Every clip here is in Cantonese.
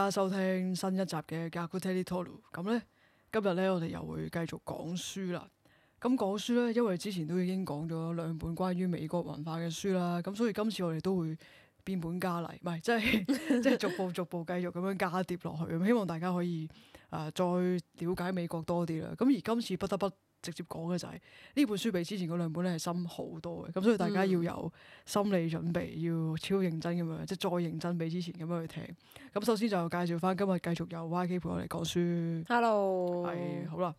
大家收聽新一集嘅《Garcetti Tolo》。咁咧，今日咧我哋又會繼續講書啦。咁講書咧，因為之前都已經講咗兩本關於美國文化嘅書啦，咁所以今次我哋都會變本加厲，唔係即係 即係逐步逐步繼續咁樣加疊落去。咁希望大家可以啊、呃、再了解美國多啲啦。咁而今次不得不。直接講嘅就係、是、呢本書比之前嗰兩本咧係深好多嘅，咁所以大家要有心理準備，嗯、要超認真咁樣，即係再認真比之前咁樣去聽。咁首先就介紹翻今日繼續有 YK 陪我嚟講書。Hello，係好啦。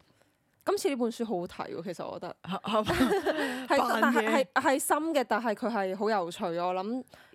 今次呢本書好睇喎，其實我覺得係，但係係深嘅，但係佢係好有趣。我諗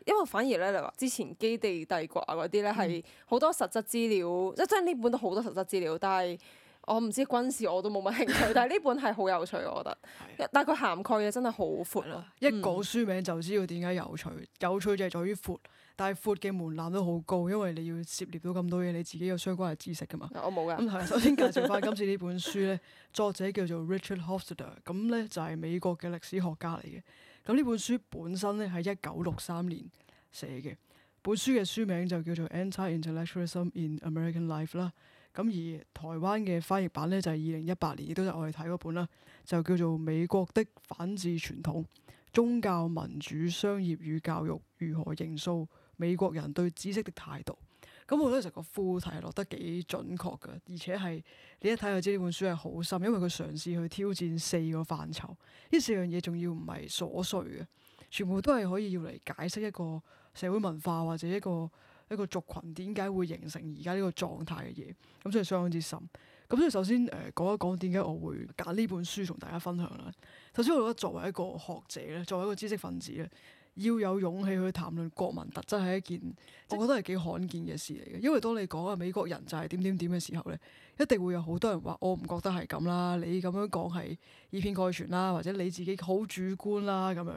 因為反而咧，你話之前基地帝國啊嗰啲咧係好多實質資料，即係真係呢本都好多實質資料，但係。我唔知軍事我都冇乜興趣，但係呢本係好有趣，我覺得。的但係佢涵蓋嘅真係好闊咯。的嗯、一講書名就知道點解有趣，有趣就係在於闊，但係闊嘅門檻都好高，因為你要涉獵到咁多嘢，你自己有相關嘅知識㗎嘛。我冇㗎、嗯。首先介紹返今次呢本書咧， 作者叫做 Richard Hofstadter，咁咧就係美國嘅歷史學家嚟嘅。咁呢本書本身咧係一九六三年寫嘅，本書嘅書名就叫做《Anti-Intellectualism in American Life》啦。咁而台灣嘅翻譯版咧就係二零一八年，亦都係我哋睇嗰本啦，就叫做《美國的反智傳統：宗教、民主、商業與教育如何形塑美國人對知識的態度》。咁我覺得成個副題落得幾準確嘅，而且係你一睇就知呢本書係好深，因為佢嘗試去挑戰四個範疇，呢四樣嘢仲要唔係瑣碎嘅，全部都係可以要嚟解釋一個社會文化或者一個一個族群點解會形成而家呢個狀態嘅嘢？咁所以相當之深。咁所以首先，誒、呃、講一講點解我會揀呢本書同大家分享啦。首先，我覺得作為一個學者咧，作為一個知識分子咧，要有勇氣去談論國民特質係一件，我覺得係幾罕見嘅事嚟嘅。因為當你講啊美國人就係點點點嘅時候咧，一定會有好多人話我唔覺得係咁啦，你咁樣講係以偏概全啦，或者你自己好主觀啦咁樣。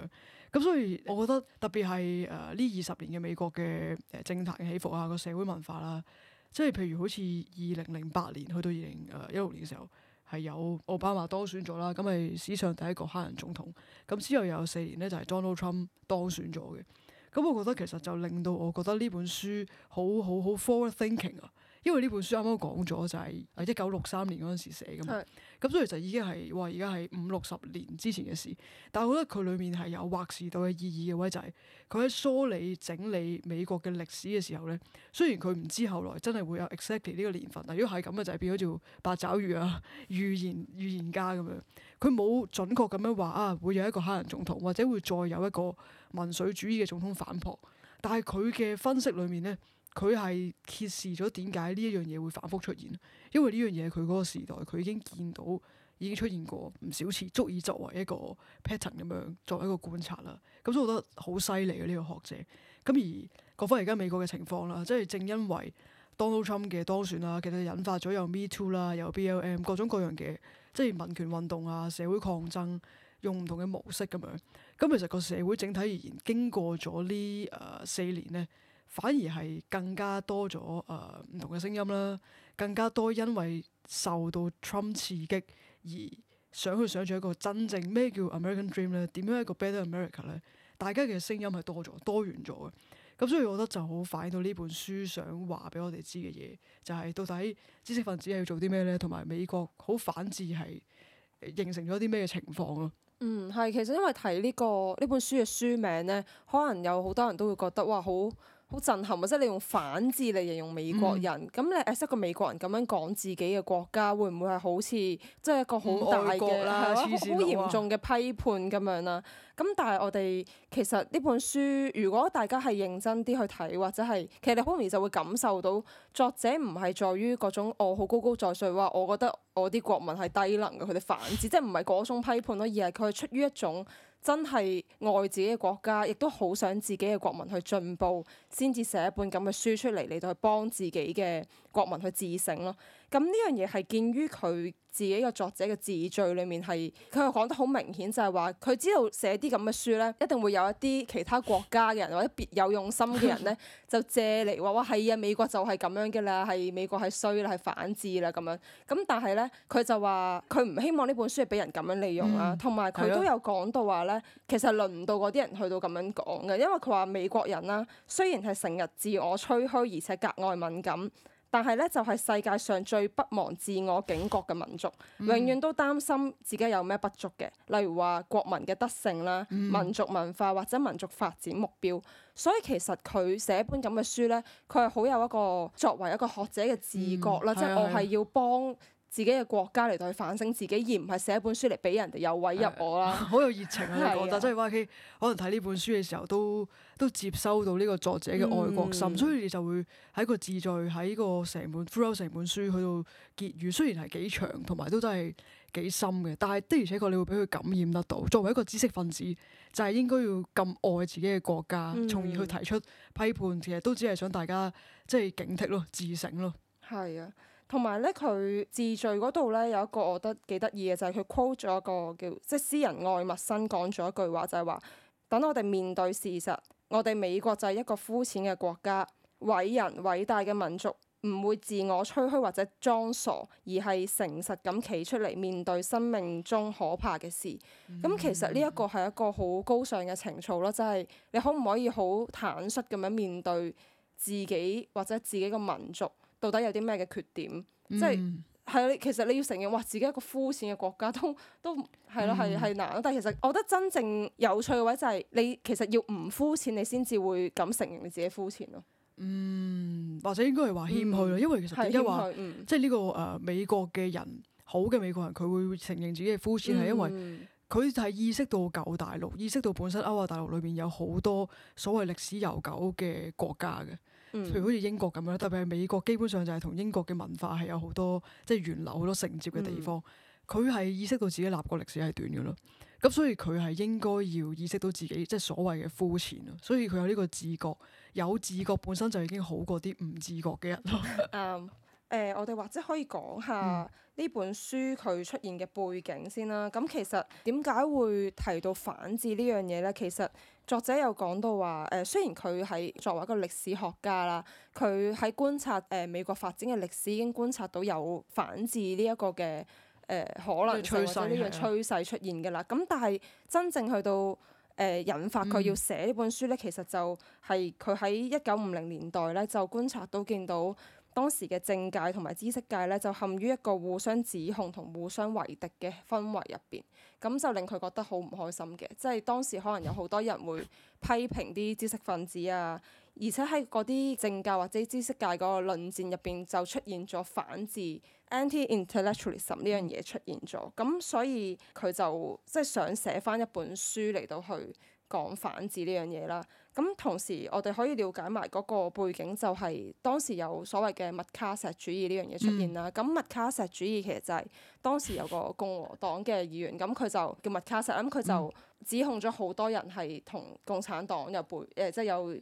咁、嗯、所以，我覺得特別係誒呢二十年嘅美國嘅誒、呃、政壇嘅起伏啊，個社會文化啦、啊，即係譬如好似二零零八年去到二零誒一六年嘅時候，係有奧巴馬當選咗啦，咁係史上第一個黑人總統，咁之後又有四年咧，就係、是、Donald Trump 當選咗嘅。咁我覺得其實就令到我覺得呢本書好好好 forward thinking 啊，因為呢本書啱啱講咗就係一九六三年嗰陣時寫嘅嘛。嗯咁所以就已經係話而家係五六十年之前嘅事，但係我覺得佢裡面係有劃時代嘅意義嘅位就係佢喺梳理整理美國嘅歷史嘅時候咧，雖然佢唔知後來真係會有 exactly 呢個年份，但如果係咁嘅就係變咗做八爪魚啊預言預言家咁樣，佢冇準確咁樣話啊會有一個黑人總統或者會再有一個民粹主義嘅總統反撲，但係佢嘅分析裡面咧。佢係揭示咗點解呢一樣嘢會反覆出現，因為呢樣嘢佢嗰個時代佢已經見到，已經出現過唔少次，足以作為一個 pattern 咁樣，作為一個觀察啦。咁所以我覺得好犀利嘅呢個學者。咁而講翻而家美國嘅情況啦，即係正因為 Donald Trump 嘅當選啦，其實引發咗有 Me Too 啦，有 BLM 各種各樣嘅即係民權運動啊、社會抗爭，用唔同嘅模式咁樣。咁其實個社會整體而言，經過咗呢誒四年咧。反而係更加多咗誒唔同嘅聲音啦，更加多因為受到 Trump 刺激而想去想像一個真正咩叫 American Dream 咧？點樣一個 Better America 咧？大家嘅聲音係多咗多元咗嘅。咁所以，我覺得就好反映到呢本書想話俾我哋知嘅嘢，就係、是、到底知識分子係要做啲咩咧？同埋美國好反智係形成咗啲咩嘅情況啊？嗯，係其實因為提呢、這個呢本書嘅書名咧，可能有好多人都會覺得哇好～好震撼啊！即係你用反字嚟形容美國人，咁、嗯、你誒一個美國人咁樣講自己嘅國家，會唔會係好似即係一個好大嘅、好、啊啊、嚴重嘅批判咁樣啦？咁但係我哋其實呢本書，如果大家係認真啲去睇，或者係其實你好容易就會感受到作者唔係在於各種我好、哦、高高在上，話我覺得我啲國民係低能嘅，佢哋反字，即係唔係嗰種批判咯，而係佢係出於一種，真係愛自己嘅國家，亦都好想自己嘅國民去進步，先至寫一本咁嘅書出嚟嚟到去幫自己嘅國民去自省咯。咁呢樣嘢係見於佢自己個作者嘅自序裏面係，佢又講得好明顯，就係話佢知道寫啲咁嘅書咧，一定會有一啲其他國家嘅人或者別有用心嘅人咧，就借嚟話哇，係啊，美國就係咁樣嘅啦，係美國係衰啦，係反智啦咁樣。咁但係咧，佢就話佢唔希望呢本書係俾人咁樣利用啦，同埋佢都有講是的 到話咧，其實輪唔到嗰啲人去到咁樣講嘅，因為佢話美國人啦，雖然係成日自我吹噓，而且格外敏感。但係咧，就係、是、世界上最不忘自我警覺嘅民族，永遠都擔心自己有咩不足嘅。例如話國民嘅德性啦、民族文化或者民族發展目標，所以其實佢寫一本咁嘅書咧，佢係好有一個作為一個學者嘅自覺啦，即係、嗯、我係要幫。自己嘅國家嚟到去反省自己，而唔係寫一本書嚟俾人哋有位入我啦。好有熱情啊！你覺得即係 Y.K. 可能睇呢本書嘅時候都都接收到呢個作者嘅愛國心，所以你就會喺個字句，喺個成本 flow 成本書去到結語。雖然係幾長，同埋都真係幾深嘅，但係的而且確你會俾佢感染得到。作為一個知識分子，就係、是、應該要咁愛自己嘅國家，從而去提出批判。其實都只係想大家即係警惕咯，自省咯。係啊。同埋咧，佢自序嗰度咧有一個我覺得幾得意嘅，就係、是、佢 quote 咗一個叫即係詩人愛默生講咗一句話，就係、是、話，等我哋面對事實，我哋美國就係一個膚淺嘅國家，偉人偉大嘅民族唔會自我吹噓或者裝傻，而係誠實咁企出嚟面對生命中可怕嘅事。咁、嗯、其實呢一個係一個好高尚嘅情操咯，即係，你可唔可以好坦率咁樣面對自己或者自己嘅民族？到底有啲咩嘅缺點？嗯、即係係咯，其實你要承認，哇，自己一個膚淺嘅國家都都係咯，係係難，但係其實我覺得真正有趣嘅話、就是，就係你其實要唔膚淺，你先至會噉承認你自己膚淺咯。嗯，或者應該係話謙虛咯，嗯、因為其實係因為即係呢個誒、呃、美國嘅人，好嘅美國人，佢會承認自己嘅膚淺，係、嗯、因為佢係意識到舊大陸，意識到本身歐亞大陸裏邊有好多所謂歷史悠久嘅國家嘅。譬如好似英國咁樣，特別係美國，基本上就係同英國嘅文化係有好多即係、就是、源流好多承接嘅地方。佢係、mm hmm. 意識到自己立國歷史係短嘅咯，咁所以佢係應該要意識到自己即係、就是、所謂嘅膚淺咯。所以佢有呢個自覺，有自覺本身就已經好過啲唔自覺嘅人咯。Um. 誒、呃，我哋或者可以講下呢本書佢出現嘅背景先啦。咁其實點解會提到反智呢樣嘢呢？其實作者有講到話誒、呃，雖然佢係作為一個歷史學家啦，佢喺觀察誒、呃、美國發展嘅歷史，已經觀察到有反智呢一個嘅誒、呃、可能或者呢個趨勢出現嘅啦。咁但係真正去到誒、呃、引發佢要寫呢本書呢，嗯、其實就係佢喺一九五零年代呢，就觀察到見到。當時嘅政界同埋知識界咧，就陷於一個互相指控同互相為敵嘅氛圍入邊，咁就令佢覺得好唔開心嘅。即係當時可能有好多人會批評啲知識分子啊，而且喺嗰啲政界或者知識界嗰個論戰入邊，就出現咗反智、嗯、（anti-intellectualism） 呢樣嘢出現咗。咁所以佢就即係想寫翻一本書嚟到去講反智呢樣嘢啦。咁同時，我哋可以了解埋嗰個背景，就係當時有所謂嘅麥卡錫主義呢樣嘢出現啦。咁、嗯、麥卡錫主義其實就係當時有個共和黨嘅議員，咁佢就叫麥卡錫，咁佢就指控咗好多人係同共產黨有背，誒即係有有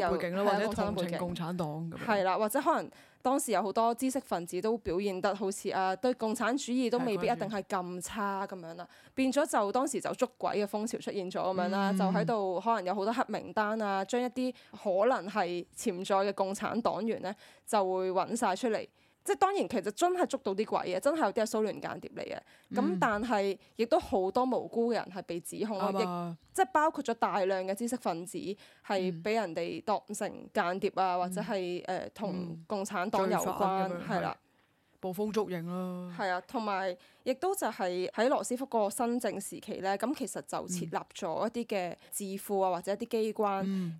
有背景啦，或者同情共產黨咁。係啦、呃，或者可能。當時有好多知識分子都表現得好似啊，對共產主義都未必一定係咁差咁樣啦，變咗就當時就捉鬼嘅風潮出現咗咁樣啦，嗯、就喺度可能有好多黑名單啊，將一啲可能係潛在嘅共產黨員咧就會揾晒出嚟。即係當然，其實真係捉到啲鬼嘢，真係有啲係蘇聯間諜嚟嘅。咁、嗯、但係亦都好多無辜嘅人係被指控咯、嗯，亦即係包括咗大量嘅知識分子係俾人哋當成間諜啊，嗯、或者係誒同共產黨、嗯、有關，係啦。捕風捉影啦，係啊，同埋、啊、亦都就係喺羅斯福嗰個新政時期咧，咁其實就設立咗一啲嘅智庫啊，或者一啲機關，咁誒、嗯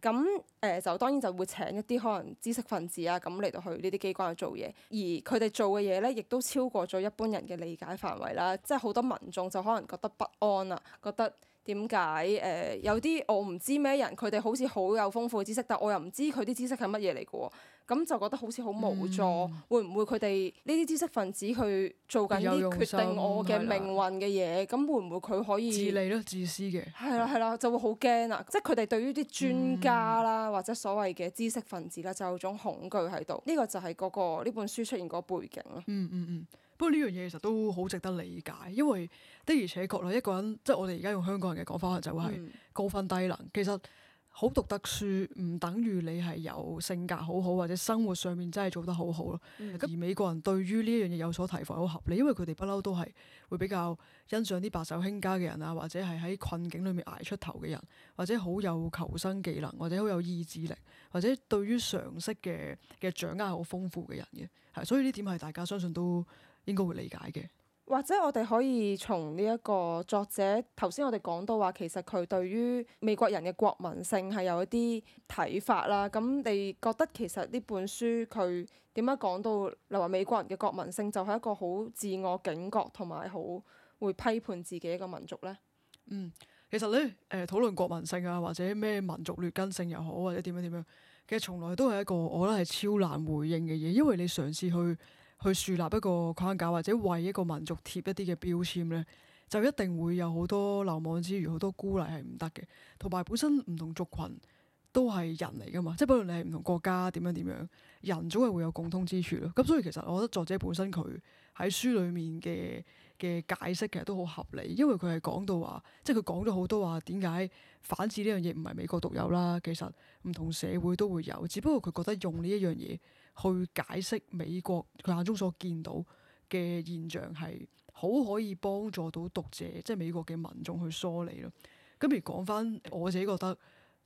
呃、就當然就會請一啲可能知識分子啊，咁嚟到去呢啲機關去做嘢，而佢哋做嘅嘢咧，亦都超過咗一般人嘅理解範圍啦，即係好多民眾就可能覺得不安啦、啊，覺得點解誒有啲我唔知咩人，佢哋好似好有豐富知識，但我又唔知佢啲知識係乜嘢嚟㗎喎？咁就覺得好似好無助，嗯、會唔會佢哋呢啲知識分子去做緊啲決定我嘅命運嘅嘢？咁會唔會佢可以自利咯？自私嘅係啦係啦，就會好驚啊！嗯、即係佢哋對於啲專家啦，嗯、或者所謂嘅知識分子啦，就有種恐懼喺度。呢、呢個就係嗰、嗰個呢本書出現嗰背景咯、嗯。嗯嗯嗯。不過呢樣嘢其實都好值得理解，因為的而且確啦，一個人即係我哋而家用香港人嘅講法就係高分低能。嗯、其實。好讀得書唔等於你係有性格好好，或者生活上面真係做得好好咯。咁、嗯、而美國人對於呢一樣嘢有所提防，好合理，因為佢哋不嬲都係會比較欣賞啲白手興家嘅人啊，或者係喺困境裡面捱出頭嘅人，或者好有求生技能，或者好有意志力，或者對於常識嘅嘅掌握係好豐富嘅人嘅。係，所以呢點係大家相信都應該會理解嘅。或者我哋可以從呢一個作者頭先我哋講到話，其實佢對於美國人嘅國民性係有一啲睇法啦。咁你覺得其實呢本書佢點解講到，例如話美國人嘅國民性就係一個好自我警覺同埋好會批判自己一個民族咧？嗯，其實咧，誒討論國民性啊，或者咩民族劣根性又好，或者點樣點樣，其實從來都係一個我覺得係超難回應嘅嘢，因為你嘗試去。去樹立一個框架，或者為一個民族貼一啲嘅標籤咧，就一定會有好多漏網之魚，好多孤立係唔得嘅。同埋本身唔同族群都係人嚟㗎嘛，即係不論你係唔同國家點樣點樣，人總係會有共通之處咯。咁所以其實我覺得作者本身佢喺書裡面嘅嘅解釋其實都好合理，因為佢係講到話，即係佢講咗好多話點解反智呢樣嘢唔係美國獨有啦，其實唔同社會都會有，只不過佢覺得用呢一樣嘢。去解釋美國佢眼中所見到嘅現象係好可以幫助到讀者，即係美國嘅民眾去梳理咯。咁而講翻我自己覺得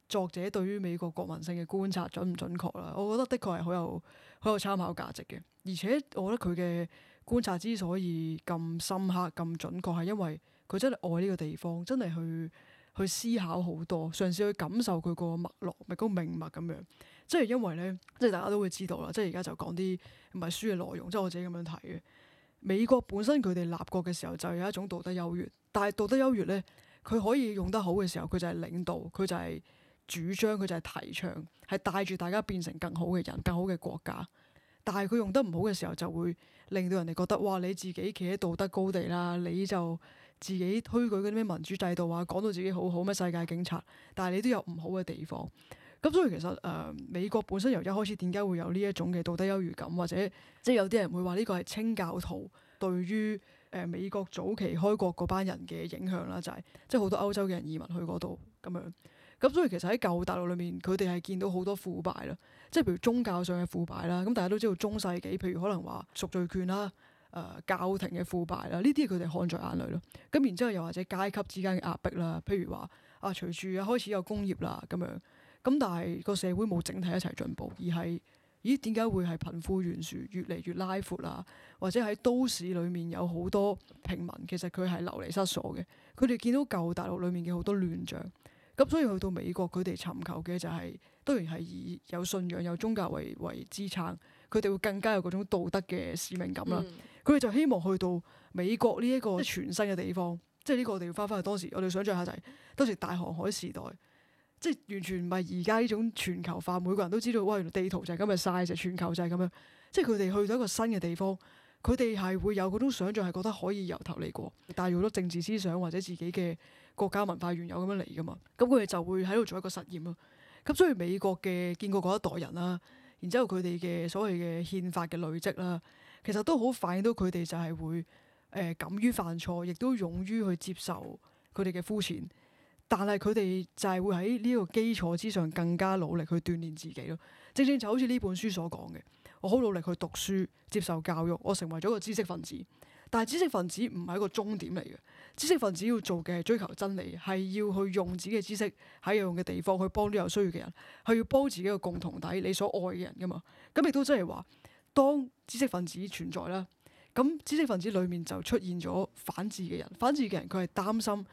作者對於美國國民性嘅觀察準唔準確啦？我覺得的確係好有好有參考價值嘅。而且我覺得佢嘅觀察之所以咁深刻、咁準確，係因為佢真係愛呢個地方，真係去去思考好多，嘗試去感受佢個脈絡，咪嗰個命脈咁樣。即係因為咧，即係大家都會知道啦。即係而家就講啲唔係書嘅內容。即係我自己咁樣睇嘅，美國本身佢哋立國嘅時候就有一種道德優越，但係道德優越咧，佢可以用得好嘅時候，佢就係領導，佢就係主張，佢就係提倡，係帶住大家變成更好嘅人、更好嘅國家。但係佢用得唔好嘅時候，就會令到人哋覺得哇，你自己企喺道德高地啦，你就自己推舉嗰啲咩民主制度啊，講到自己好好咩世界警察，但係你都有唔好嘅地方。咁所以其實誒、呃、美國本身由一開始點解會有呢一種嘅道德優越感，或者即係、就是、有啲人會話呢個係清教徒對於誒、呃、美國早期開國嗰班人嘅影響啦，就係即係好多歐洲嘅人移民去嗰度咁樣。咁所以其實喺舊大陸裏面，佢哋係見到好多腐敗啦，即係譬如宗教上嘅腐敗啦。咁大家都知道中世紀，譬如可能話贖罪券啦、誒、呃、教廷嘅腐敗啦，呢啲佢哋看在眼裏咯。咁然之後又或者階級之間嘅壓迫啦，譬如話啊，隨住開始有工業啦咁樣。咁但係個社會冇整體一齊進步，而係咦點解會係貧富懸殊越嚟越拉闊啊？或者喺都市裡面有好多平民，其實佢係流離失所嘅。佢哋見到舊大陸裡面嘅好多亂象，咁所以去到美國，佢哋尋求嘅就係、是、當然係以有信仰、有宗教為為支撐，佢哋會更加有嗰種道德嘅使命感啦。佢哋、嗯、就希望去到美國呢一個全新嘅地方，即係呢個我哋要翻翻去當時我哋想像下就係當時大航海時代。即係完全唔係而家呢種全球化，每個人都知道哇！原來地圖就係今日晒，就全球就係咁樣。即係佢哋去到一個新嘅地方，佢哋係會有嗰種想像，係覺得可以由頭嚟過，帶入咗政治思想或者自己嘅國家文化原有咁樣嚟噶嘛。咁佢哋就會喺度做一個實驗咯。咁所以美國嘅見過嗰一代人啦，然之後佢哋嘅所謂嘅憲法嘅累積啦，其實都好反映到佢哋就係會誒、呃、敢於犯錯，亦都勇於去接受佢哋嘅膚淺。但係佢哋就係會喺呢個基礎之上更加努力去鍛煉自己咯。正正就好似呢本書所講嘅，我好努力去讀書、接受教育，我成為咗個知識分子。但係知識分子唔係一個終點嚟嘅，知識分子要做嘅係追求真理，係要去用自己嘅知識喺有用嘅地方去幫啲有需要嘅人，係要幫自己個共同體、你所愛嘅人㗎嘛。咁亦都即係話，當知識分子存在啦，咁知識分子裡面就出現咗反智嘅人。反智嘅人佢係擔心。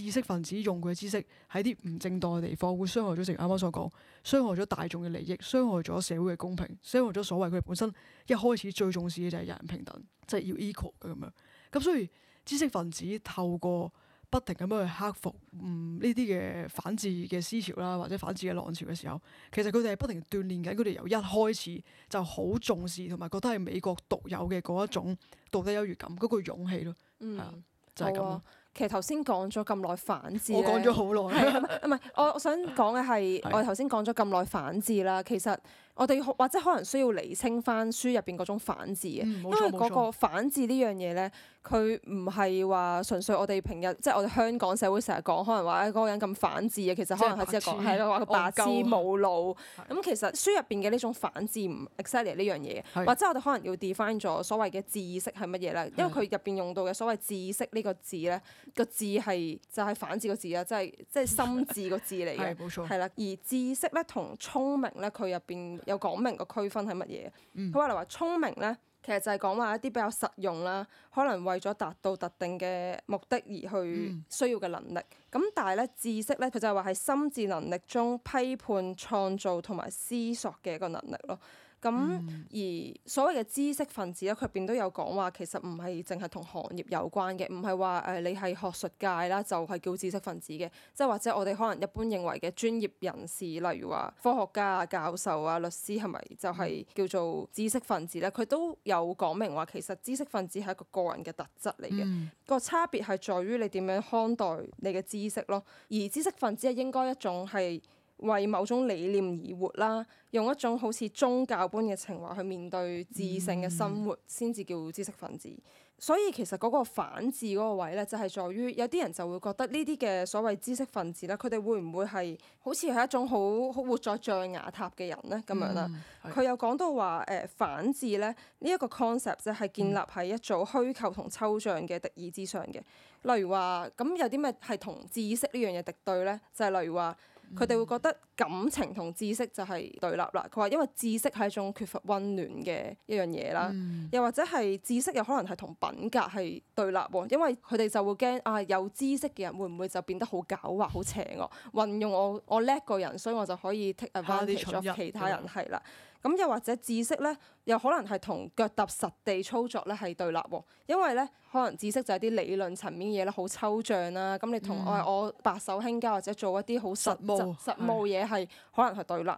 知識分子用佢嘅知識喺啲唔正當嘅地方，會傷害咗，正如啱啱所講，傷害咗大眾嘅利益，傷害咗社會嘅公平，傷害咗所謂佢本身一開始最重視嘅就係人人平等，即係要 equal 嘅咁樣。咁所以知識分子透過不停咁樣去克服嗯呢啲嘅反智嘅思潮啦，或者反智嘅浪潮嘅時候，其實佢哋係不停鍛鍊緊佢哋由一開始就好重視同埋覺得係美國獨有嘅嗰一種道德優越感嗰個勇氣咯，係，嗯，啊，就係咁咯。其實頭先講咗咁耐反智，我講咗好耐，唔係 我我想講嘅係，我哋頭先講咗咁耐反智啦，其實。我哋或者可能需要釐清翻書入邊嗰種反智、嗯、因為嗰個反智呢樣嘢咧，佢唔係話純粹我哋平日即係、就是、我哋香港社會成日講，可能話誒嗰個人咁反智嘅，其實可能係即係講係咯話佢白痴冇腦路。咁的其實書入邊嘅呢種反智唔 exactly 呢樣嘢，的或者我哋可能要 define 咗所謂嘅知識係乜嘢啦？因為佢入邊用到嘅所謂知識呢個字咧的，個字係就係反智個字啦，即係即係心智個智嚟嘅，係啦 的。而知識咧同聰明咧，佢入邊。有講明個區分係乜嘢？佢話嚟話聰明咧，其實就係講話一啲比較實用啦，可能為咗達到特定嘅目的而去需要嘅能力。咁、嗯、但係咧，知識咧，佢就係話係心智能力中批判、創造同埋思索嘅一個能力咯。咁、嗯、而所謂嘅知識分子咧，佢入邊都有講話，其實唔係淨係同行業有關嘅，唔係話誒你係學術界啦，就係、是、叫知識分子嘅，即係或者我哋可能一般認為嘅專業人士，例如話科學家啊、教授啊、律師，係咪就係叫做知識分子咧？佢、嗯、都有講明話，其實知識分子係一個個人嘅特質嚟嘅，嗯、個差別係在於你點樣看待你嘅知識咯。而知識分子係應該一種係。為某種理念而活啦，用一種好似宗教般嘅情懷去面對智性嘅生活，先至、嗯、叫知識分子。所以其實嗰個「反智」嗰個位咧，就係在於有啲人就會覺得呢啲嘅所謂知識分子咧，佢哋會唔會係好似係一種好好活在象牙塔嘅人咧咁樣啦？佢、嗯、有講到話誒、呃、「反智」咧，呢一個 concept 咧係建立喺一組虛構同抽象嘅敵意之上嘅。例如話咁有啲咩係同知識敵呢樣嘢敵對咧？就係、是、例如話。佢哋會覺得感情同知識就係對立啦。佢話因為知識係一種缺乏溫暖嘅一樣嘢啦，嗯、又或者係知識有可能係同品格係對立喎，因為佢哋就會驚啊有知識嘅人會唔會就變得好狡猾、好邪惡，運用我我叻個人，所以我就可以 take advantage 咗其他人係啦。啊咁又或者知識呢，又可能係同腳踏實地操作呢係對立喎，因為呢，可能知識就係啲理論層面嘢咧，好抽象啦。咁你同、嗯哎、我白手興家或者做一啲好實，實務實，實務嘢係、嗯、可能係對立。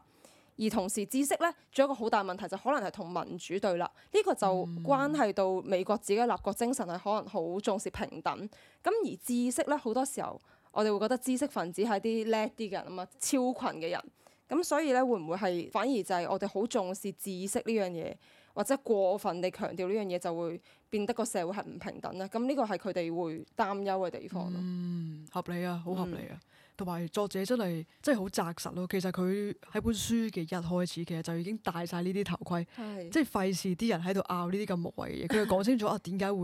而同時知識呢，仲有一個好大問題就可能係同民主對立。呢、呢個就關係到美國自己嘅立國精神係可能好重視平等。咁而知識呢，好多時候，我哋會覺得知識分子係啲叻啲嘅人啊嘛，超群嘅人。咁所以咧，會唔會係反而就係我哋好重視知識呢樣嘢，或者過分地強調呢樣嘢，就會變得個社會係唔平等咧？咁呢個係佢哋會擔憂嘅地方咯。嗯，合理啊，好合理啊。同埋作者真係真係好紮實咯、啊。其實佢喺本書嘅一開始，其實就已經戴晒呢啲頭盔，是即係費事啲人喺度拗呢啲咁無謂嘅嘢。佢就講清楚啊，點解會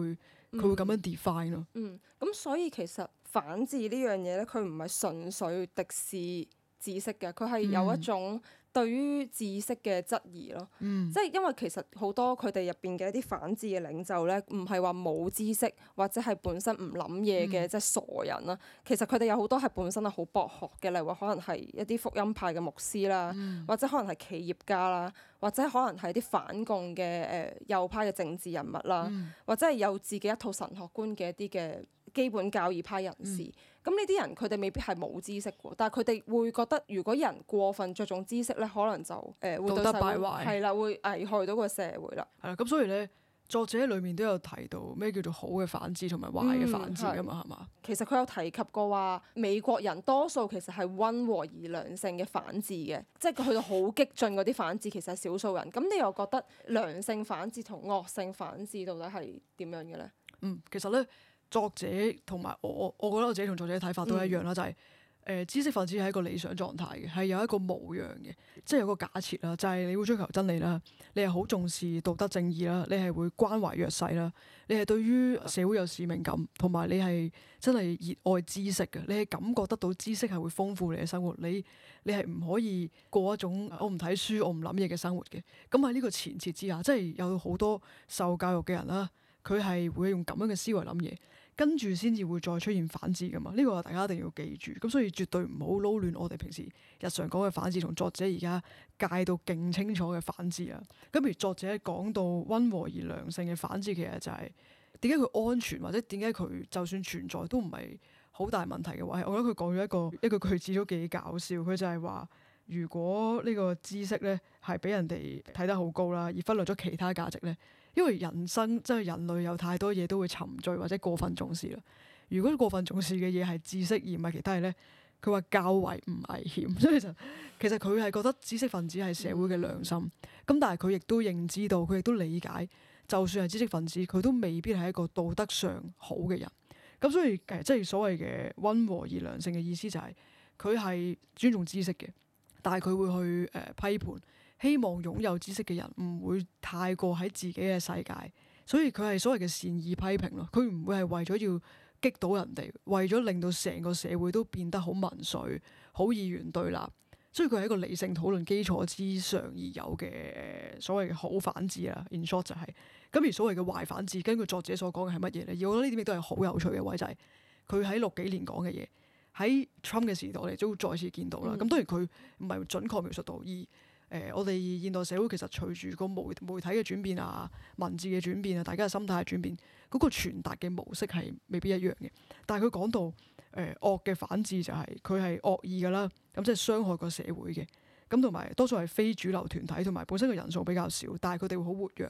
佢會咁樣 define 咯、嗯？嗯，咁所以其實反智呢樣嘢咧，佢唔係純粹敵視，知識嘅，佢係有一種對於知識嘅質疑咯，嗯、即係因為其實好多佢哋入邊嘅一啲反智嘅領袖咧，唔係話冇知識或者係本身唔諗嘢嘅即係傻人啦。其實佢哋有好多係本身係好博學嘅，例如可能係一啲福音派嘅牧師啦、嗯，或者可能係企業家啦，或者可能係啲反共嘅誒、呃、右派嘅政治人物啦，嗯、或者係有自己一套神學觀嘅一啲嘅基本教義派人士。嗯。咁呢啲人佢哋未必係冇知識喎，但係佢哋會覺得如果人過分着重知識咧，可能就誒、呃、會對社會係啦，會危害到個社會啦。係啦，咁所以咧，作者裏面都有提到咩叫做好嘅反智同埋壞嘅反智啊嘛，係嘛、嗯？的其實佢有提及過話，美國人多數其實係溫和而良性嘅反智嘅，即係佢去到好激進嗰啲反智，其實係少數人。咁 你又覺得良性反智同惡性反智到底係點樣嘅咧？嗯，其實咧。作者同埋我，我覺得我自己同作者睇法都一樣啦，嗯、就係、是呃、知識分子係一個理想狀態嘅，係有一個模樣嘅，即係有個假設啦，就係、是、你會追求真理啦，你係好重視道德正義啦，你係會關懷弱勢啦，你係對於社會有使命感，同埋你係真係熱愛知識嘅，你係感覺得到知識係會豐富你嘅生活，你你係唔可以過一種我唔睇書、我唔諗嘢嘅生活嘅。咁喺呢個前設之下，即係有好多受教育嘅人啦，佢係會用咁樣嘅思維諗嘢。跟住先至會再出現反智噶嘛？呢個大家一定要記住。咁所以絕對唔好撈亂我哋平時日常講嘅反智同作者而家介到勁清楚嘅反智啊。咁譬如作者講到温和而良性嘅反智，其實就係點解佢安全，或者點解佢就算存在都唔係好大問題嘅話。我覺得佢講咗一個一個句子都幾搞笑。佢就係話：如果呢個知識呢係俾人哋睇得好高啦，而忽略咗其他價值呢。」因為人生即係、就是、人類有太多嘢都會沉醉或者過分重視啦。如果過分重視嘅嘢係知識而唔係其他嘢咧，佢話較為唔危險，所以就其實佢係覺得知識分子係社會嘅良心。咁、嗯、但係佢亦都認知到，佢亦都理解，就算係知識分子，佢都未必係一個道德上好嘅人。咁所以誒，即、就、係、是、所謂嘅温和而良性嘅意思就係佢係尊重知識嘅，但係佢會去誒、呃、批判。希望擁有知識嘅人唔會太過喺自己嘅世界，所以佢係所謂嘅善意批評咯。佢唔會係為咗要激到人哋，為咗令到成個社會都變得好民粹、好意見對立。所以佢係一個理性討論基礎之上而有嘅所謂嘅好反智啦。In short 就係、是、咁，而所謂嘅壞反智，根據作者所講嘅係乜嘢呢？而我覺得呢點亦都係好有趣嘅位，就係佢喺六幾年講嘅嘢，喺 Trump 嘅時代我哋都再次見到啦。咁、嗯、當然佢唔係準確描述到而。誒、呃，我哋現代社會其實隨住個媒媒體嘅轉變啊、文字嘅轉變啊、大家嘅心態嘅轉變，嗰、那個傳達嘅模式係未必一樣嘅。但係佢講到誒、呃、惡嘅反智就係佢係惡意㗎啦，咁即係傷害個社會嘅。咁同埋多數係非主流團體，同埋本身嘅人數比較少，但係佢哋會好活躍。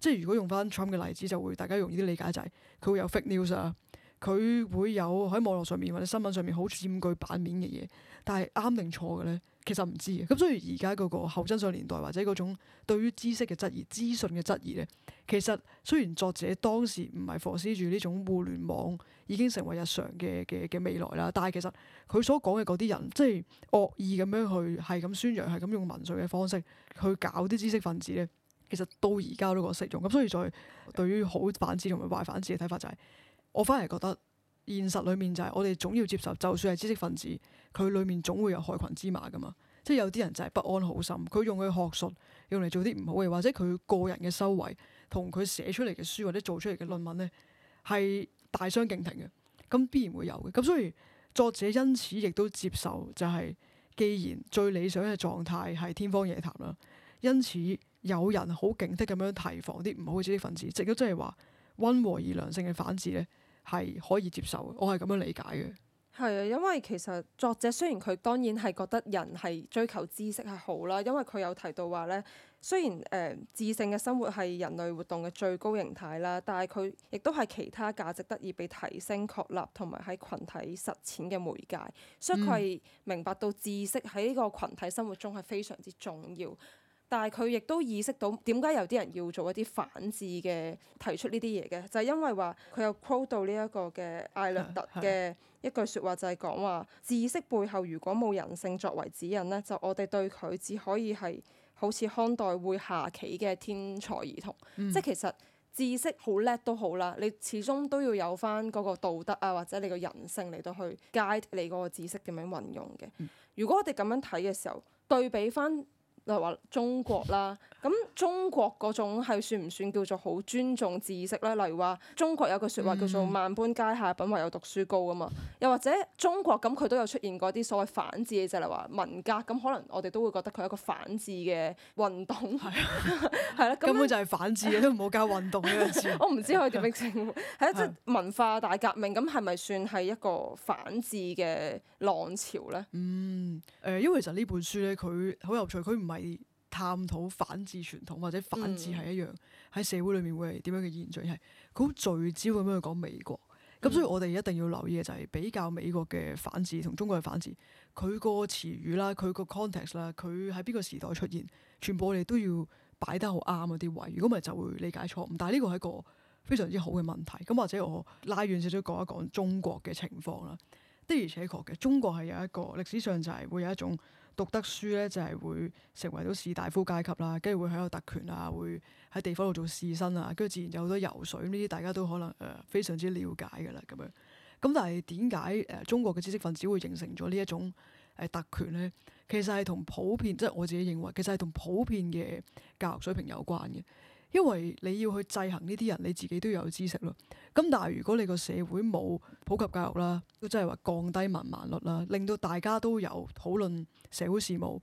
即係如果用返 Trump 嘅例子，就會大家容易啲理解就係、是、佢會有 fake news 啊，佢會有喺網絡上面或者新聞上面好佔據版面嘅嘢。但係啱定錯嘅咧？其實唔知嘅，咁所以而家嗰個後真相年代或者嗰種對於知識嘅質疑、資訊嘅質疑咧，其實雖然作者當時唔係 foresight 住呢種互聯網已經成為日常嘅嘅嘅未來啦，但係其實佢所講嘅嗰啲人，即係惡意咁樣去係咁宣揚，係咁用民粹嘅方式去搞啲知識分子咧，其實到而家都講適用。咁所以在對於好反智同埋壞反智嘅睇法就係、是，我反而覺得。現實裏面就係我哋總要接受，就算係知識分子，佢裏面總會有害群之馬噶嘛。即係有啲人就係不安好心，佢用佢學術用嚟做啲唔好嘅，或者佢個人嘅修穫同佢寫出嚟嘅書或者做出嚟嘅論文咧，係大相徑庭嘅。咁必然會有嘅。咁所以作者因此亦都接受，就係既然最理想嘅狀態係天方夜譚啦，因此有人好警惕咁樣提防啲唔好嘅知識分子。直果即係話溫和而良性嘅反智咧。係可以接受嘅，我係咁樣理解嘅。係啊，因為其實作者雖然佢當然係覺得人係追求知識係好啦，因為佢有提到話咧，雖然誒、呃、智性嘅生活係人類活動嘅最高形態啦，但係佢亦都係其他價值得以被提升確、確立同埋喺群體實踐嘅媒介，所以佢係明白到知識喺呢個群體生活中係非常之重要。但係佢亦都意識到點解有啲人要做一啲反智嘅，提出呢啲嘢嘅，就係因為話佢有 quote 到呢一個嘅艾略特嘅一句説話，就係講話知識背後如果冇人性作為指引呢，就我哋對佢只可以係好似看待會下棋嘅天才兒童，即係其實知識好叻都好啦，你始終都要有翻嗰個道德啊，或者你個人性嚟到去 guide 你嗰個知識點樣運用嘅。如果我哋咁樣睇嘅時候，對比翻。例如話中國啦，咁中國嗰種係算唔算叫做好尊重知識咧？例如話中國有句説話叫做萬般皆下品，唯有讀書高啊嘛。又或者中國咁佢都有出現過啲所謂反智嘅就係話文革咁，可能我哋都會覺得佢係一個反智嘅運動，係啦。根本就係反智，都唔好搞運動呢個字。我唔知可以點樣稱，即係文化大革命咁，係咪算係一個反智嘅浪潮咧？ 嗯，誒，因為其實呢本書咧，佢好有趣，佢唔係。係探討反智傳統或者反智係一樣喺、嗯、社會裏面會係點樣嘅現象？係佢好聚焦咁樣去講美國，咁、嗯、所以我哋一定要留意嘅就係比較美國嘅反智同中國嘅反智，佢個詞語啦、佢個 context 啦、佢喺邊個時代出現，全部我哋都要擺得好啱嗰啲位，如果唔係就會理解錯誤。但係呢個係一個非常之好嘅問題。咁或者我拉遠少少講一講中國嘅情況啦，的而且確嘅，中國係有一個歷史上就係會有一種。讀得書咧，就係會成為到士大夫階級啦，跟住會喺度特權啊，會喺地方度做士紳啊，跟住自然有好多油水呢啲，大家都可能誒、呃、非常之了解嘅啦，咁樣。咁但係點解誒中國嘅知識分子會形成咗呢一種誒、呃、特權咧？其實係同普遍，即、就、係、是、我自己認為，其實係同普遍嘅教育水平有關嘅。因為你要去制衡呢啲人，你自己都有知識咯。咁但係如果你個社會冇普及教育啦，都即係話降低文盲率啦，令到大家都有討論社會事務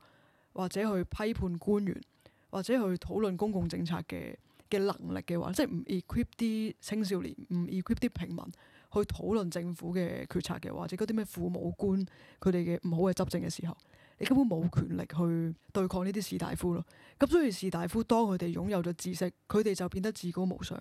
或者去批判官員或者去討論公共政策嘅嘅能力嘅話，即係唔 equip 啲青少年，唔 equip 啲平民去討論政府嘅決策嘅，或者嗰啲咩父母官佢哋嘅唔好嘅執政嘅時候。你根本冇權力去對抗呢啲士大夫咯。咁所以士大夫當佢哋擁有咗知識，佢哋就變得至高無上，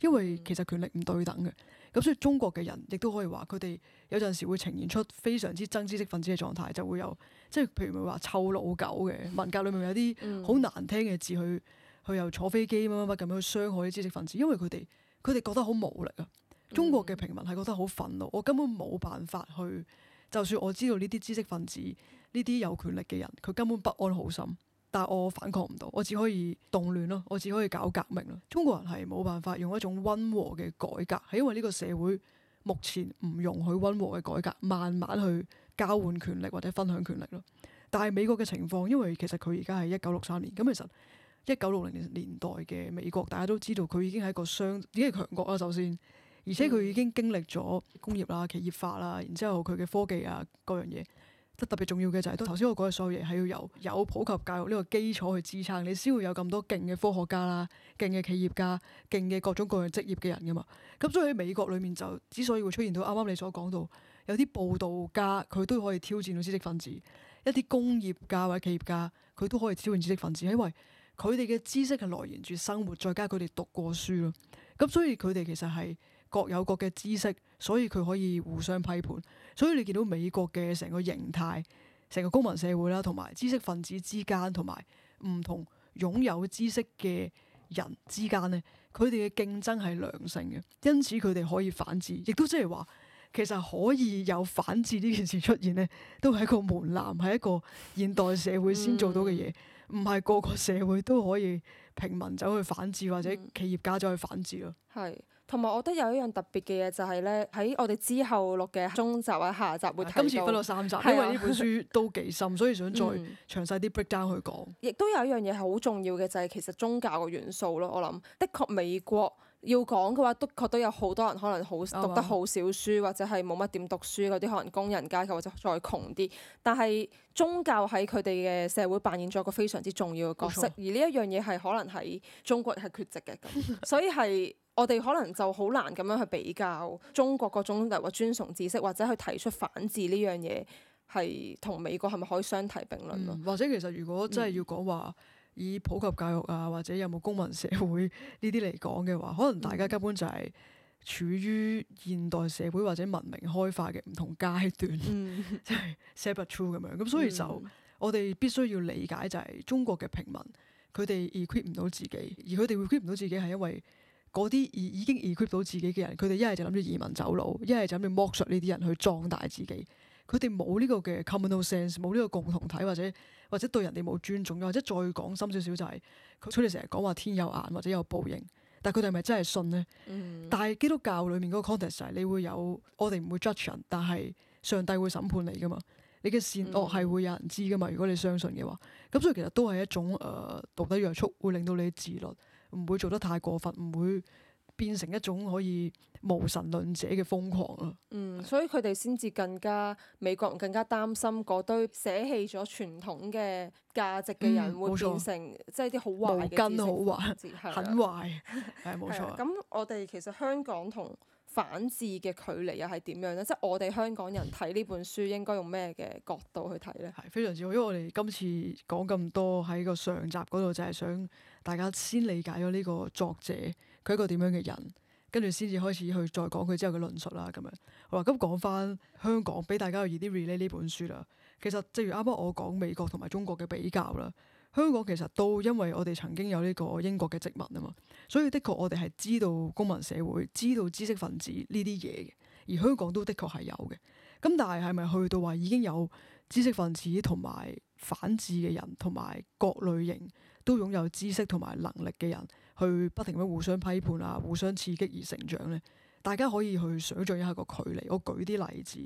因為其實權力唔對等嘅。咁所以中國嘅人亦都可以話，佢哋有陣時會呈現出非常之憎知識分子嘅狀態，就會有即係譬如咪話臭老狗嘅文革裏面，有啲好難聽嘅字去去又坐飛機乜乜乜咁樣去傷害啲知識分子，因為佢哋佢哋覺得好無力啊。中國嘅平民係覺得好憤怒，我根本冇辦法去，就算我知道呢啲知識分子。呢啲有權力嘅人，佢根本不安好心，但係我反抗唔到，我只可以動亂咯，我只可以搞革命咯。中國人係冇辦法用一種溫和嘅改革，係因為呢個社會目前唔容許溫和嘅改革，慢慢去交換權力或者分享權力咯。但係美國嘅情況，因為其實佢而家係一九六三年，咁其實一九六零年代嘅美國，大家都知道佢已經係一個雙已經係強國啦。首先，而且佢已經經歷咗工業啦、企業化啦，然之後佢嘅科技啊各樣嘢。得特別重要嘅就係頭先我講嘅所有嘢係要由有普及教育呢個基礎去支撐，你先會有咁多勁嘅科學家啦、勁嘅企業家、勁嘅各種各樣職業嘅人㗎嘛。咁所以喺美國裏面就之所以會出現到啱啱你所講到有啲報導家佢都可以挑戰到知識分子，一啲工業家或者企業家佢都可以挑戰知識分子，因為佢哋嘅知識係來源住生活，再加佢哋讀過書咯。咁所以佢哋其實係各有各嘅知識，所以佢可以互相批判。所以你見到美國嘅成個形態、成個公民社會啦，同埋知識分子之間，同埋唔同擁有知識嘅人之間咧，佢哋嘅競爭係良性嘅，因此佢哋可以反智，亦都即係話其實可以有反智呢件事出現咧，都係一個門檻，係一個現代社會先做到嘅嘢，唔係個個社會都可以平民走去反智，或者企業家走去反智咯。係。同埋我覺得有一樣特別嘅嘢就係咧，喺我哋之後錄嘅中集或者下集會睇到、啊。今次分落三集，因為呢本書都幾深，是啊、所以想再詳細啲 break down 去講。亦、嗯嗯、都有一樣嘢係好重要嘅，就係、是、其實宗教個元素咯。我諗，的確美國，要講嘅話，都確都有好多人可能好讀得好少書，或者係冇乜點讀書嗰啲，可能工人階級或者再窮啲。但係宗教喺佢哋嘅社會扮演咗一個非常之重要嘅角色，錯而呢一樣嘢係可能喺中國係缺席嘅。 所以係我哋可能就好難咁樣去比較中國各種又話尊崇知識，或者去提出反智呢樣嘢，係同美國係咪可以相提並論咯、嗯？或者其實如果真係要講話。嗯以普及教育啊，或者有冇公民社會呢啲嚟講嘅話，可能大家根本就係處於現代社會或者文明開化嘅唔同階段，即係 separate two 咁樣。咁所以就我哋必須要理解就係中國嘅平民，佢哋 equip 唔到自己，而佢哋 equip 唔到自己係因為嗰啲已已經 equip 到自己嘅人，佢哋一係就諗住移民走佬，一係就諗住剝削呢啲人去壯大自己。佢哋冇呢個嘅 common sense，冇呢個共同體或者。或者對人哋冇尊重，又或者再講深少少就係佢哋成日講話天有眼或者有報應，但係佢哋係咪真係信呢？Mm hmm. 但係基督教裡面嗰個 context 係你會有，我哋唔會 judge 人，但係上帝會審判你㗎嘛？你嘅善惡係會有人知㗎嘛？如果你相信嘅話，咁所以其實都係一種誒、呃、道德約束，會令到你自律，唔會做得太過分，唔會。變成一種可以無神論者嘅瘋狂啊！嗯，是的 所以佢哋先至更加美國人更加擔心嗰堆捨棄咗傳統嘅價值嘅人，嗯、會變成即係啲好壞嘅知識分子，很壞，係冇錯。咁我哋其實香港同反智嘅距離又係點樣咧？即係我哋香港人睇呢本書應該用咩嘅角度去睇咧？係非常之好，因為我哋今次講咁多喺個上集嗰度，就係想大家先理解咗呢個作者。佢一個點樣嘅人，跟住先至開始去再講佢之後嘅論述啦，咁樣。嗱，咁講翻香港俾大家有啲 relate 呢本書啦。其實，正如啱啱我講美國同埋中國嘅比較啦，香港其實都因為我哋曾經有呢個英國嘅殖民啊嘛，所以的確我哋係知道公民社會、知道知識分子呢啲嘢嘅，而香港都的確係有嘅。咁但係係咪去到話已經有知識分子同埋？反智嘅人，同埋各類型都擁有知識同埋能力嘅人，去不停咁互相批判啊，互相刺激而成長咧。大家可以去想象一下個距離。我舉啲例子，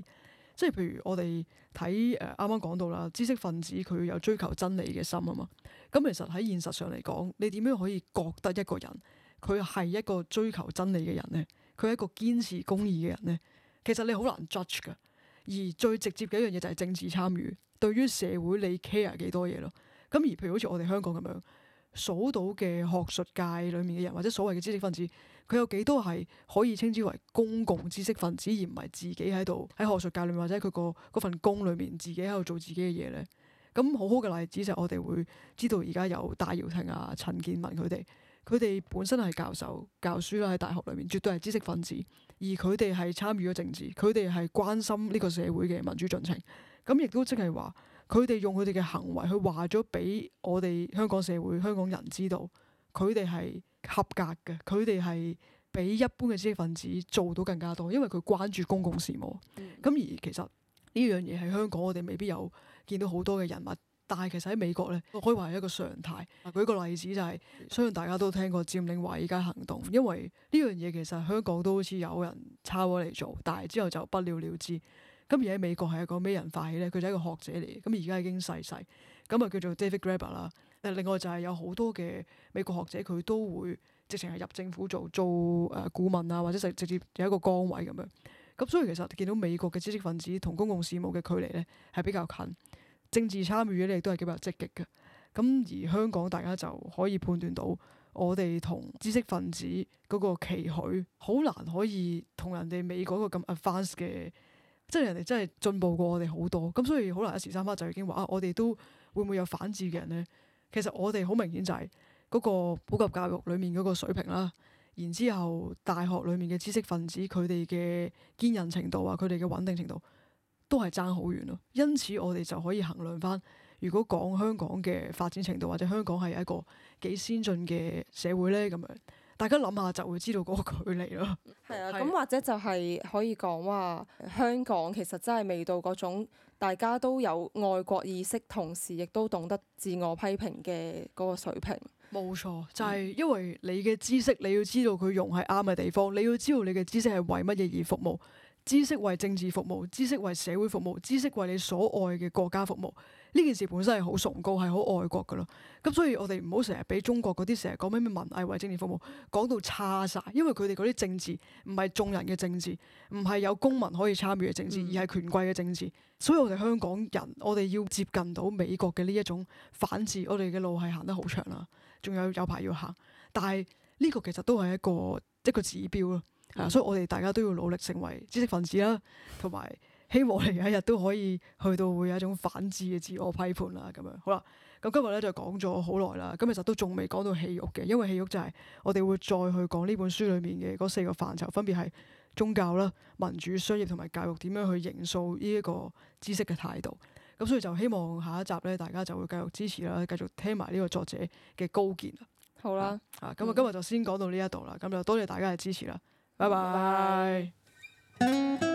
即係譬如我哋睇誒，啱啱講到啦，知識分子佢有追求真理嘅心啊嘛。咁其實喺現實上嚟講，你點樣可以覺得一個人佢係一個追求真理嘅人咧？佢係一個堅持公義嘅人咧？其實你好難 judge 噶。而最直接嘅一樣嘢就係政治參與。對於社會你 care 幾多嘢咯？咁而譬如好似我哋香港咁樣，數到嘅學術界裏面嘅人或者所謂嘅知識分子，佢有幾多係可以稱之為公共知識分子，而唔係自己喺度喺學術界裏面或者佢個份工裏面自己喺度做自己嘅嘢咧？咁好好嘅例子就係我哋會知道，而家有戴耀廷啊、陳建文佢哋，佢哋本身係教授教書啦，喺大學裏面絕對係知識分子，而佢哋係參與咗政治，佢哋係關心呢個社會嘅民主進程。咁亦都即係話，佢哋用佢哋嘅行為去話咗俾我哋香港社會、香港人知道，佢哋係合格嘅，佢哋係比一般嘅知識分子做到更加多，因為佢關注公共事務。咁、嗯、而其實呢樣嘢喺香港，我哋未必有見到好多嘅人物，但係其實喺美國咧，我可以話係一個常態。舉個例子就係、是，相信大家都聽過佔領華爾街行動，因為呢樣嘢其實香港都好似有人抄咗嚟做，但係之後就不了了之。今而喺美國係一個咩人發起咧？佢就係一個學者嚟，咁而家已經逝世，咁啊叫做 David Grabber 啦。誒，另外就係有好多嘅美國學者，佢都會直情係入政府做做誒、呃、顧問啊，或者直直接有一個崗位咁樣。咁所以其實見到美國嘅知識分子同公共事務嘅距離咧係比較近，政治參與咧亦都係比較積極嘅。咁而香港大家就可以判斷到，我哋同知識分子嗰個期許，好難可以同人哋美國個咁 advance 嘅。即係人哋真係進步過我哋好多，咁所以好難一時三刻就已經話啊！我哋都會唔會有反智嘅人咧？其實我哋好明顯就係嗰個普及教育裡面嗰個水平啦，然之後大學裡面嘅知識分子佢哋嘅堅韌程度啊，佢哋嘅穩定程度都係爭好遠咯。因此我哋就可以衡量翻，如果講香港嘅發展程度或者香港係一個幾先進嘅社會咧，咁樣。大家諗下就會知道嗰個距離咯。係啊，咁是、啊、或者就係可以講話香港其實真係未到嗰種大家都有愛國意識，同時亦都懂得自我批評嘅嗰個水平。冇錯，就係、是、因為你嘅知識，你要知道佢用喺啱嘅地方，你要知道你嘅知識係為乜嘢而服務。知識為政治服務，知識為社會服務，知識為你所愛嘅國家服務。呢件事本身係好崇高，係好愛國噶咯。咁所以，我哋唔好成日俾中國嗰啲成日講咩咩文藝為政治服務講到差晒，因為佢哋嗰啲政治唔係眾人嘅政治，唔係有公民可以參與嘅政治，而係權貴嘅政治。所以，我哋香港人，我哋要接近到美國嘅呢一種反智，我哋嘅路係行得好長啦，仲有有排要行。但係呢個其實都係一個一個指標咯。係、嗯、啊，所以我哋大家都要努力成為知識分子啦，同埋。希望你有一日都可以去到會有一種反智嘅自我批判啦，咁樣好啦。咁今日咧就講咗好耐啦，咁其實都仲未講到戲肉嘅，因為戲肉就係我哋會再去講呢本書裏面嘅嗰四個範疇，分別係宗教啦、民主、商業同埋教育點樣去營造呢一個知識嘅態度。咁所以就希望下一集咧，大家就會繼續支持啦，繼續聽埋呢個作者嘅高見。好啦，啊咁啊，今日就先講到呢一度啦。咁、嗯、就多謝大家嘅支持啦，拜拜。拜拜。